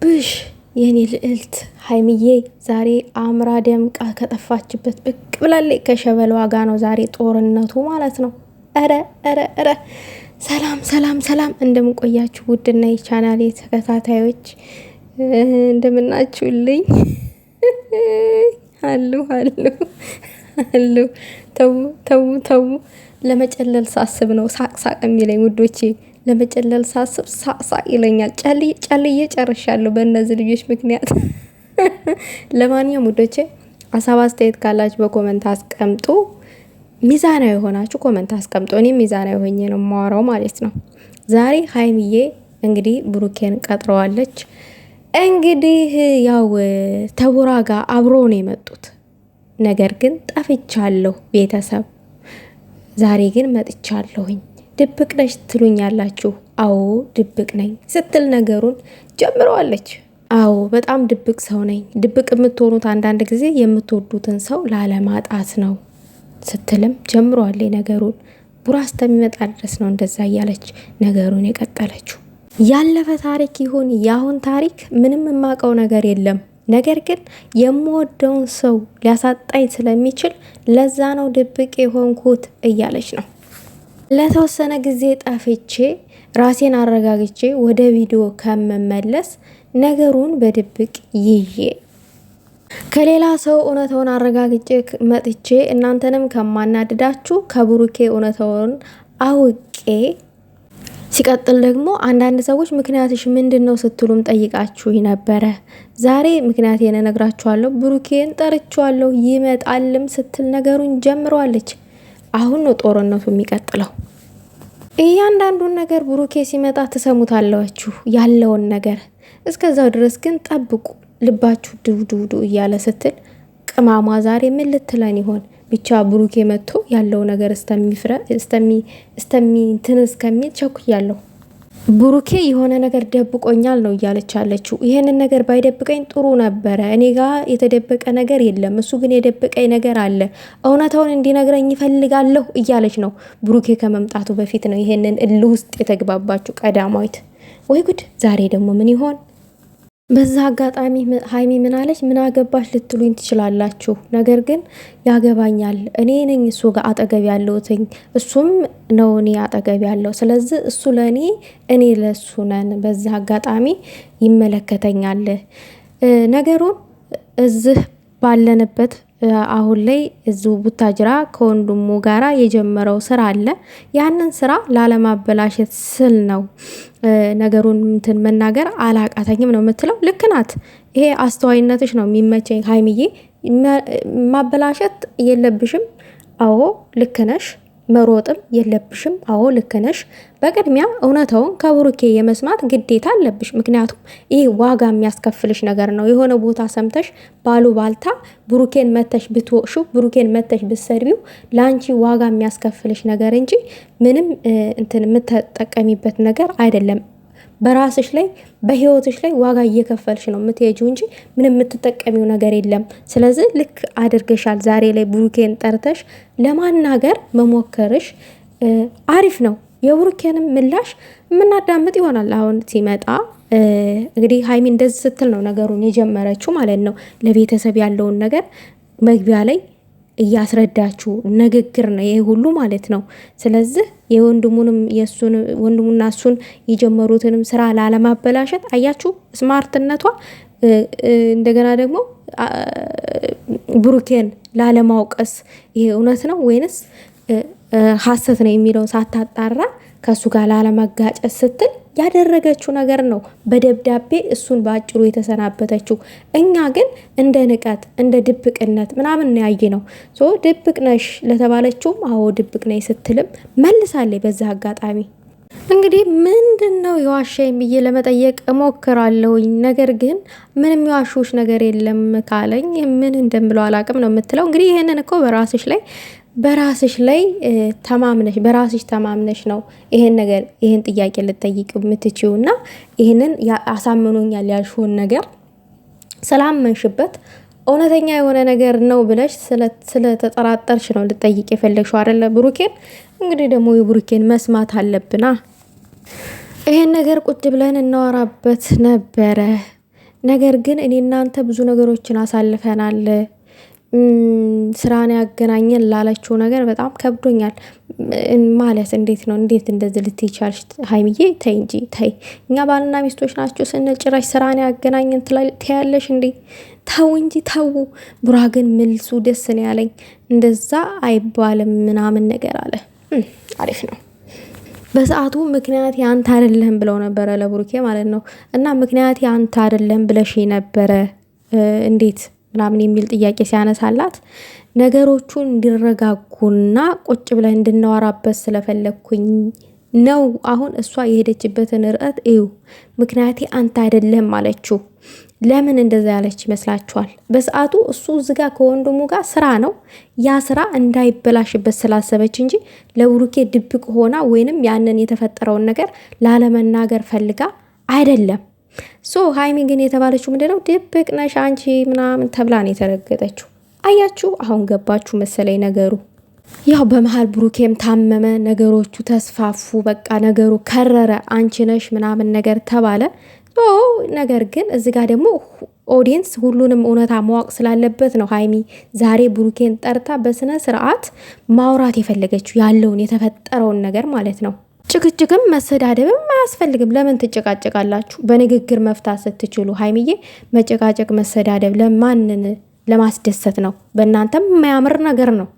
ብሽ የኔ ልዕልት ሀይምዬ ዛሬ አምራ ደምቃ ከጠፋችበት ብቅ ብላለች። ከሸበል ዋጋ ነው ዛሬ ጦርነቱ ማለት ነው። ረ ረ ረ ሰላም ሰላም ሰላም፣ እንደምንቆያችሁ ውድና የቻናል ተከታታዮች እንደምናችሁልኝ አሉ አሉ አሉ። ተዉ ተዉ ተዉ፣ ለመጨለል ሳስብ ነው ሳቅ ሳቅ የሚለኝ ውዶቼ ለመጨለል ሳስብ ሳሳ ይለኛል። ጨልዬ ጨልዬ ጨርሻለሁ በእነዚህ ልጆች ምክንያት። ለማንኛውም ውዶቼ ሀሳብ አስተያየት ካላችሁ በኮመንት አስቀምጡ። ሚዛናዊ የሆናችሁ ኮመንት አስቀምጡ። እኔ ሚዛናዊ ሆኜ ነው የማወራው ማለት ነው። ዛሬ ሀይሚዬ እንግዲህ ብሩኬን ቀጥረዋለች። እንግዲህ ያው ተቡራ ጋር አብሮ ነው የመጡት። ነገር ግን ጠፍቻለሁ ቤተሰብ፣ ዛሬ ግን መጥቻለሁኝ ድብቅ ነች ትሉኛላችሁ? አዎ ድብቅ ነኝ ስትል ነገሩን ጀምረዋለች። አዎ በጣም ድብቅ ሰው ነኝ። ድብቅ የምትሆኑት አንዳንድ ጊዜ የምትወዱትን ሰው ላለማጣት ነው ስትልም ጀምረዋል ነገሩን። ቡራ እስከሚመጣ ድረስ ነው እንደዛ እያለች ነገሩን የቀጠለችው። ያለፈ ታሪክ ይሁን የአሁን ታሪክ ምንም የማውቀው ነገር የለም። ነገር ግን የምወደውን ሰው ሊያሳጣኝ ስለሚችል ለዛ ነው ድብቅ የሆንኩት እያለች ነው። ለተወሰነ ጊዜ ጠፍቼ ራሴን አረጋግቼ ወደ ቪዲዮ ከምመለስ ነገሩን በድብቅ ይዤ ከሌላ ሰው እውነተውን አረጋግጬ መጥቼ እናንተንም ከማናድዳችሁ ከብሩኬ እውነተውን አውቄ ሲቀጥል ደግሞ አንዳንድ ሰዎች ምክንያትሽ ምንድን ነው ስትሉም ጠይቃችሁ ነበረ። ዛሬ ምክንያቴን እነግራችኋለሁ። ብሩኬን ጠርችዋለሁ ይመጣልም ስትል ነገሩን ጀምረዋለች። አሁን ነው ጦርነቱ የሚቀጥለው። እያንዳንዱን ነገር ብሩኬ ሲመጣ ትሰሙታላችሁ ያለውን ነገር። እስከዛው ድረስ ግን ጠብቁ፣ ልባችሁ ድውድውዱ እያለ ስትል ቅማሟ ዛሬ ምን ልትለን ይሆን? ብቻ ብሩኬ መጥቶ ያለው ነገር እስተሚፍረ እስተሚ እንትን እስከሚል ቸኩያለሁ። ብሩኬ የሆነ ነገር ደብቆኛል ነው እያለች ያለችው። ይህንን ነገር ባይደብቀኝ ጥሩ ነበረ። እኔ ጋ የተደበቀ ነገር የለም፣ እሱ ግን የደበቀኝ ነገር አለ። እውነታውን እንዲነግረኝ ይፈልጋለሁ እያለች ነው። ብሩኬ ከመምጣቱ በፊት ነው ይህንን እልህ ውስጥ የተግባባችው ቀዳማዊት። ወይ ጉድ! ዛሬ ደግሞ ምን ይሆን? በዛ አጋጣሚ ሀይሚ ምናለች? ምን አገባሽ ልትሉኝ ትችላላችሁ። ነገር ግን ያገባኛል። እኔ ነኝ እሱ ጋር አጠገብ ያለሁትኝ፣ እሱም ነው እኔ አጠገብ ያለው። ስለዚህ እሱ ለእኔ እኔ ለእሱ ነን። በዛ አጋጣሚ ይመለከተኛል ነገሩን እዚህ ባለንበት አሁን ላይ እዚሁ ቡታጅራ ከወንድሙ ጋራ የጀመረው ስራ አለ። ያንን ስራ ላለማበላሸት ስል ነው ነገሩን እንትን መናገር አላቃተኝም ነው የምትለው። ልክ ናት። ይሄ አስተዋይነትሽ ነው የሚመቸኝ ሀይምዬ ማበላሸት የለብሽም። አዎ ልክ ነሽ። መሮጥም የለብሽም። አዎ ልክ ነሽ። በቅድሚያ እውነታውን ከብሩኬ የመስማት ግዴታ አለብሽ። ምክንያቱም ይህ ዋጋ የሚያስከፍልሽ ነገር ነው። የሆነ ቦታ ሰምተሽ ባልታ ብሩኬን መተሽ ብትወቅሹ፣ ብሩኬን መተሽ ብትሰድቢው ለአንቺ ዋጋ የሚያስከፍልሽ ነገር እንጂ ምንም እንትን የምትጠቀሚበት ነገር አይደለም። በራስሽ ላይ በህይወትሽ ላይ ዋጋ እየከፈልሽ ነው የምትሄጂው እንጂ ምንም የምትጠቀሚው ነገር የለም። ስለዚህ ልክ አድርገሻል። ዛሬ ላይ ብሩኬን ጠርተሽ ለማናገር መሞከርሽ አሪፍ ነው። የብሩኬንም ምላሽ የምናዳምጥ ይሆናል አሁን ሲመጣ እንግዲህ ሀይሚ እንደዚህ ስትል ነው ነገሩን የጀመረችው ማለት ነው። ለቤተሰብ ያለውን ነገር መግቢያ ላይ እያስረዳችሁ ንግግር ነው ይሄ ሁሉ ማለት ነው። ስለዚህ የወንድሙንም የእሱን ወንድሙና እሱን የጀመሩትንም ስራ ላለማበላሸት አያችሁ ስማርትነቷ። እንደገና ደግሞ ብሩኬን ላለማውቀስ ይሄ እውነት ነው ወይንስ ሀሰት ነው የሚለውን ሳታጣራ ከእሱ ጋር ላለመጋጨት ስትል ያደረገችው ነገር ነው። በደብዳቤ እሱን በአጭሩ የተሰናበተችው። እኛ ግን እንደ ንቀት እንደ ድብቅነት ምናምን ነው ያየ ነው። ድብቅ ነሽ ለተባለችውም አዎ ድብቅ ነኝ ስትልም መልሳለች። በዛ አጋጣሚ እንግዲህ ምንድን ነው የዋሸኝ ብዬ ለመጠየቅ እሞክራለሁኝ። ነገር ግን ምንም የዋሾች ነገር የለም ካለኝ ምን እንደምለው አላቅም ነው የምትለው። እንግዲህ ይህንን እኮ በራስሽ ላይ በራስሽ ላይ ተማምነሽ በራስሽ ተማምነሽ ነው ይሄን ነገር ይሄን ጥያቄ ልጠይቅ የምትችው እና ይህንን አሳምኖኛል ያልሽውን ነገር ስላመንሽበት እውነተኛ የሆነ ነገር ነው ብለሽ ስለተጠራጠርሽ ነው ልጠይቅ የፈለግሽው አይደለ? ብሩኬን እንግዲህ ደግሞ የብሩኬን መስማት አለብና ይሄን ነገር ቁጭ ብለን እናወራበት ነበረ። ነገር ግን እኔ እናንተ ብዙ ነገሮችን አሳልፈናል። ስራን ያገናኘን ላለችው ነገር በጣም ከብዶኛል። ማለት እንዴት ነው እንዴት እንደዚህ ልትይ ሀይምዬ ተይ እንጂ ተይ እኛ ባልና ሚስቶች ናቸው ስንል ጭራሽ ስራን ያገናኘን ትያለሽ እንዴ? ተው እንጂ ተው። ቡራ ግን ምልሱ ደስ ነው ያለኝ። እንደዛ አይባልም ምናምን ነገር አለ። አሪፍ ነው። በሰዓቱ ምክንያት የአንተ አይደለህም ብለው ነበረ ለቡሩኬ ማለት ነው። እና ምክንያት የአንተ አይደለህም ብለሽ ነበረ እንዴት ምናምን የሚል ጥያቄ ሲያነሳላት ነገሮቹን እንዲረጋጉና ቁጭ ብለን እንድናወራበት ስለፈለግኩኝ ነው። አሁን እሷ የሄደችበትን ርዕት እዩ። ምክንያቴ አንተ አይደለም አለችው። ለምን እንደዛ ያለች ይመስላችኋል? በሰዓቱ እሱ ዝጋ ከወንድሙ ጋር ስራ ነው። ያ ስራ እንዳይበላሽበት ስላሰበች እንጂ ለብሩኬ ድብቅ ሆና ወይንም ያንን የተፈጠረውን ነገር ላለመናገር ፈልጋ አይደለም። ሶ ሀይሚ ግን የተባለችው ምንድነው ድብቅ ነሽ አንቺ ምናምን ተብላ ነው የተረገጠችው። አያችሁ አሁን ገባችሁ መሰለኝ ነገሩ። ያው በመሀል ብሩኬም ታመመ፣ ነገሮቹ ተስፋፉ። በቃ ነገሩ ከረረ። አንቺ ነሽ ምናምን ነገር ተባለ። ነገር ግን እዚህ ጋር ደግሞ ኦዲየንስ ሁሉንም እውነታ ማወቅ ስላለበት ነው ሀይሚ ዛሬ ብሩኬን ጠርታ በስነ ስርዓት ማውራት የፈለገችው ያለውን የተፈጠረውን ነገር ማለት ነው። ጭቅጭቅም መሰዳደብም አያስፈልግም። ለምን ትጨቃጨቃላችሁ? በንግግር መፍታት ስትችሉ። ሀይሚዬ መጨቃጨቅ መሰዳደብ ለማንን ለማስደሰት ነው? በእናንተም የማያምር ነገር ነው።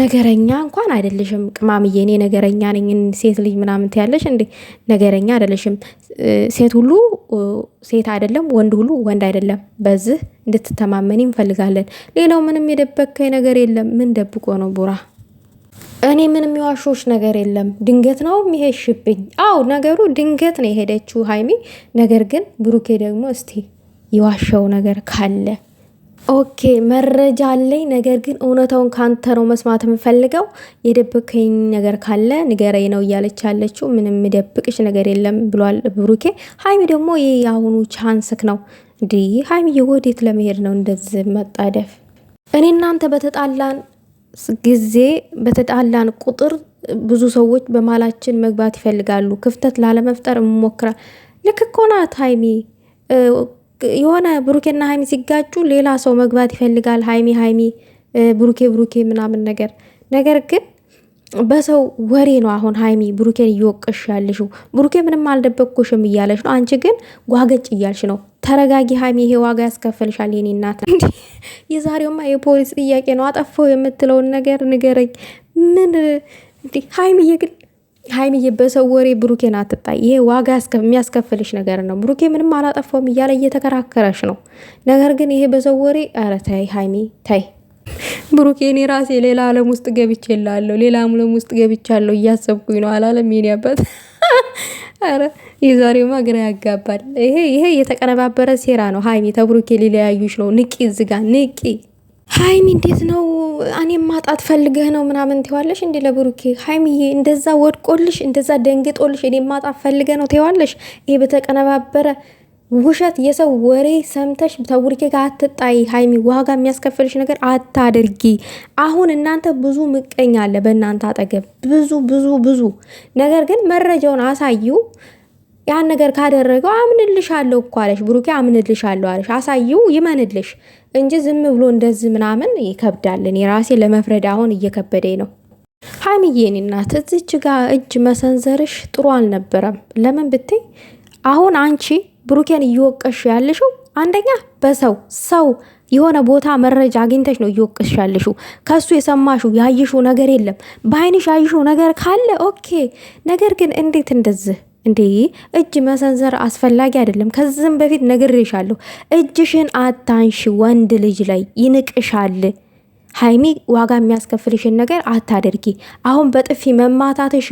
ነገረኛ እንኳን አይደለሽም ቅማምዬ። እኔ ነገረኛ ነኝ ሴት ልጅ ምናምን ትያለሽ እንዴ? ነገረኛ አይደለሽም። ሴት ሁሉ ሴት አይደለም፣ ወንድ ሁሉ ወንድ አይደለም። በዚህ እንድትተማመን እንፈልጋለን። ሌላው ምንም የደበከኝ ነገር የለም። ምን ደብቆ ነው ቡራ? እኔ ምንም የዋሾች ነገር የለም። ድንገት ነው የሚሄሽብኝ። አው ነገሩ ድንገት ነው የሄደችው ሀይሚ። ነገር ግን ብሩኬ ደግሞ እስቲ የዋሸው ነገር ካለ ኦኬ፣ መረጃ አለኝ። ነገር ግን እውነታውን ካንተ ነው መስማት የምፈልገው። የደብከኝ ነገር ካለ ንገረኝ ነው እያለች ያለችው። ምንም የደብቅሽ ነገር የለም ብሏል ብሩኬ። ሀይሚ ደግሞ ይህ የአሁኑ ቻንስክ ነው። እንዲህ ሀይሚ የወዴት ለመሄድ ነው እንደዚህ መጣደፍ? እኔ እናንተ በተጣላን ጊዜ በተጣላን ቁጥር ብዙ ሰዎች በማላችን መግባት ይፈልጋሉ። ክፍተት ላለመፍጠር እንሞክራ ልክ እኮ ናት ሀይሚ። የሆነ ብሩኬና ሀይሚ ሲጋጩ ሌላ ሰው መግባት ይፈልጋል። ሀይሚ ሀይሚ ብሩኬ ብሩኬ ምናምን ነገር ነገር ግን በሰው ወሬ ነው። አሁን ሀይሚ ብሩኬን እየወቀሽ ያለሽው ብሩኬ ምንም አልደበቅኩሽም እያለሽ ነው። አንቺ ግን ጓገጭ እያልሽ ነው። ተረጋጊ ሀይሚ፣ ይሄ ዋጋ ያስከፈልሻል። የኔ እናት። የዛሬውማ የፖሊስ ጥያቄ ነው። አጠፋው የምትለውን ነገር ንገረኝ። ምን እንዲ ሀይሚዬ ግን ሀይሚዬ በሰው ወሬ ብሩኬን አትጣይ። ይሄ ዋጋ የሚያስከፍልሽ ነገር ነው። ብሩኬ ምንም አላጠፋውም እያለ እየተከራከረሽ ነው። ነገር ግን ይሄ በሰው ወሬ ኧረ ተይ ሀይሚ ተይ። ብሩኬ እኔ ራሴ ሌላ ዓለም ውስጥ ገብቼ ላለሁ ሌላ ዓለም ውስጥ ገብቻለሁ እያሰብኩኝ ነው አላለም የኔ አባት አረ የዛሬማ ግራ ያጋባል። ይሄ ይሄ የተቀነባበረ ሴራ ነው። ሀይሚ ተብሩኬ ሊለያዩሽ ነው። ንቂ፣ ዝጋ፣ ንቂ። ሀይሚ እንዴት ነው እኔም ማጣት ፈልገህ ነው ምናምን ትዋለሽ እንዴ? ለብሩኬ ሀይሚዬ፣ እንደዛ ወድቆልሽ፣ እንደዛ ደንግጦልሽ እኔም ማጣት ፈልገህ ነው ትዋለሽ? ይሄ በተቀነባበረ ውሸት የሰው ወሬ ሰምተሽ ተውርኬ ጋር አትጣይ ሀይሚ፣ ዋጋ የሚያስከፍልሽ ነገር አታድርጊ። አሁን እናንተ ብዙ ምቀኛ አለ በእናንተ አጠገብ ብዙ ብዙ ብዙ። ነገር ግን መረጃውን አሳዩ። ያን ነገር ካደረገው አምንልሻለሁ እኮ አለሽ፣ ብሩኬ አምንልሻለሁ አለሽ። አሳዩ ይመንልሽ እንጂ ዝም ብሎ እንደዚህ ምናምን ይከብዳል። እኔ ራሴ ለመፍረድ አሁን እየከበደኝ ነው። ሀይሚዬ እኔ እናት እዚች ጋር እጅ መሰንዘርሽ ጥሩ አልነበረም። ለምን ብትይ አሁን አንቺ ብሩኬን እየወቀሽ ያለሽው አንደኛ በሰው ሰው የሆነ ቦታ መረጃ አግኝተሽ ነው እየወቅሽ ያለሽው። ከሱ የሰማሽው ያየሽው ነገር የለም። በአይንሽ ያየሽው ነገር ካለ ኦኬ። ነገር ግን እንዴት እንደዚህ እንዴ! እጅ መሰንዘር አስፈላጊ አይደለም። ከዚህም በፊት ነግሬሻለሁ። እጅሽን አታንሽ ወንድ ልጅ ላይ ይንቅሻል። ሀይሚ ዋጋ የሚያስከፍልሽን ነገር አታደርጊ። አሁን በጥፊ መማታትሽ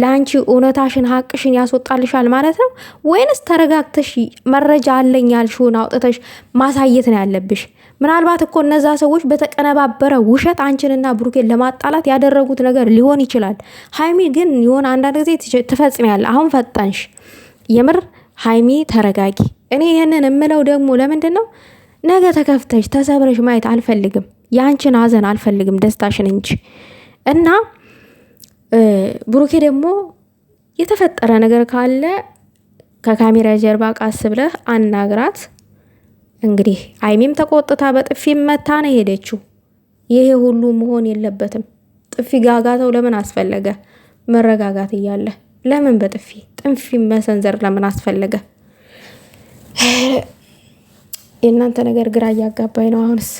ለአንቺ እውነታሽን ሀቅሽን ያስወጣልሻል ማለት ነው ወይንስ ተረጋግተሽ መረጃ አለኝ ያልሽውን አውጥተሽ ማሳየት ነው ያለብሽ? ምናልባት እኮ እነዛ ሰዎች በተቀነባበረ ውሸት አንቺንና ብሩኬን ለማጣላት ያደረጉት ነገር ሊሆን ይችላል። ሀይሚ ግን የሆነ አንዳንድ ጊዜ ትፈጽሚያለሽ። አሁን ፈጠንሽ። የምር ሀይሚ ተረጋጊ። እኔ ይህንን የምለው ደግሞ ለምንድን ነው ነገ ተከፍተሽ ተሰብረሽ ማየት አልፈልግም። የአንችን ሀዘን አልፈልግም ደስታሽን እንጂ። እና ብሩኬ ደግሞ የተፈጠረ ነገር ካለ ከካሜራ ጀርባ ቃስ ብለህ አናግራት። እንግዲህ አይሚም ተቆጥታ በጥፊ መታ ነው የሄደችው። ይሄ ሁሉ መሆን የለበትም። ጥፊ ጋጋተው ለምን አስፈለገ? መረጋጋት እያለ ለምን በጥፊ ጥንፊ መሰንዘር ለምን አስፈለገ? የእናንተ ነገር ግራ እያጋባኝ ነው አሁንስ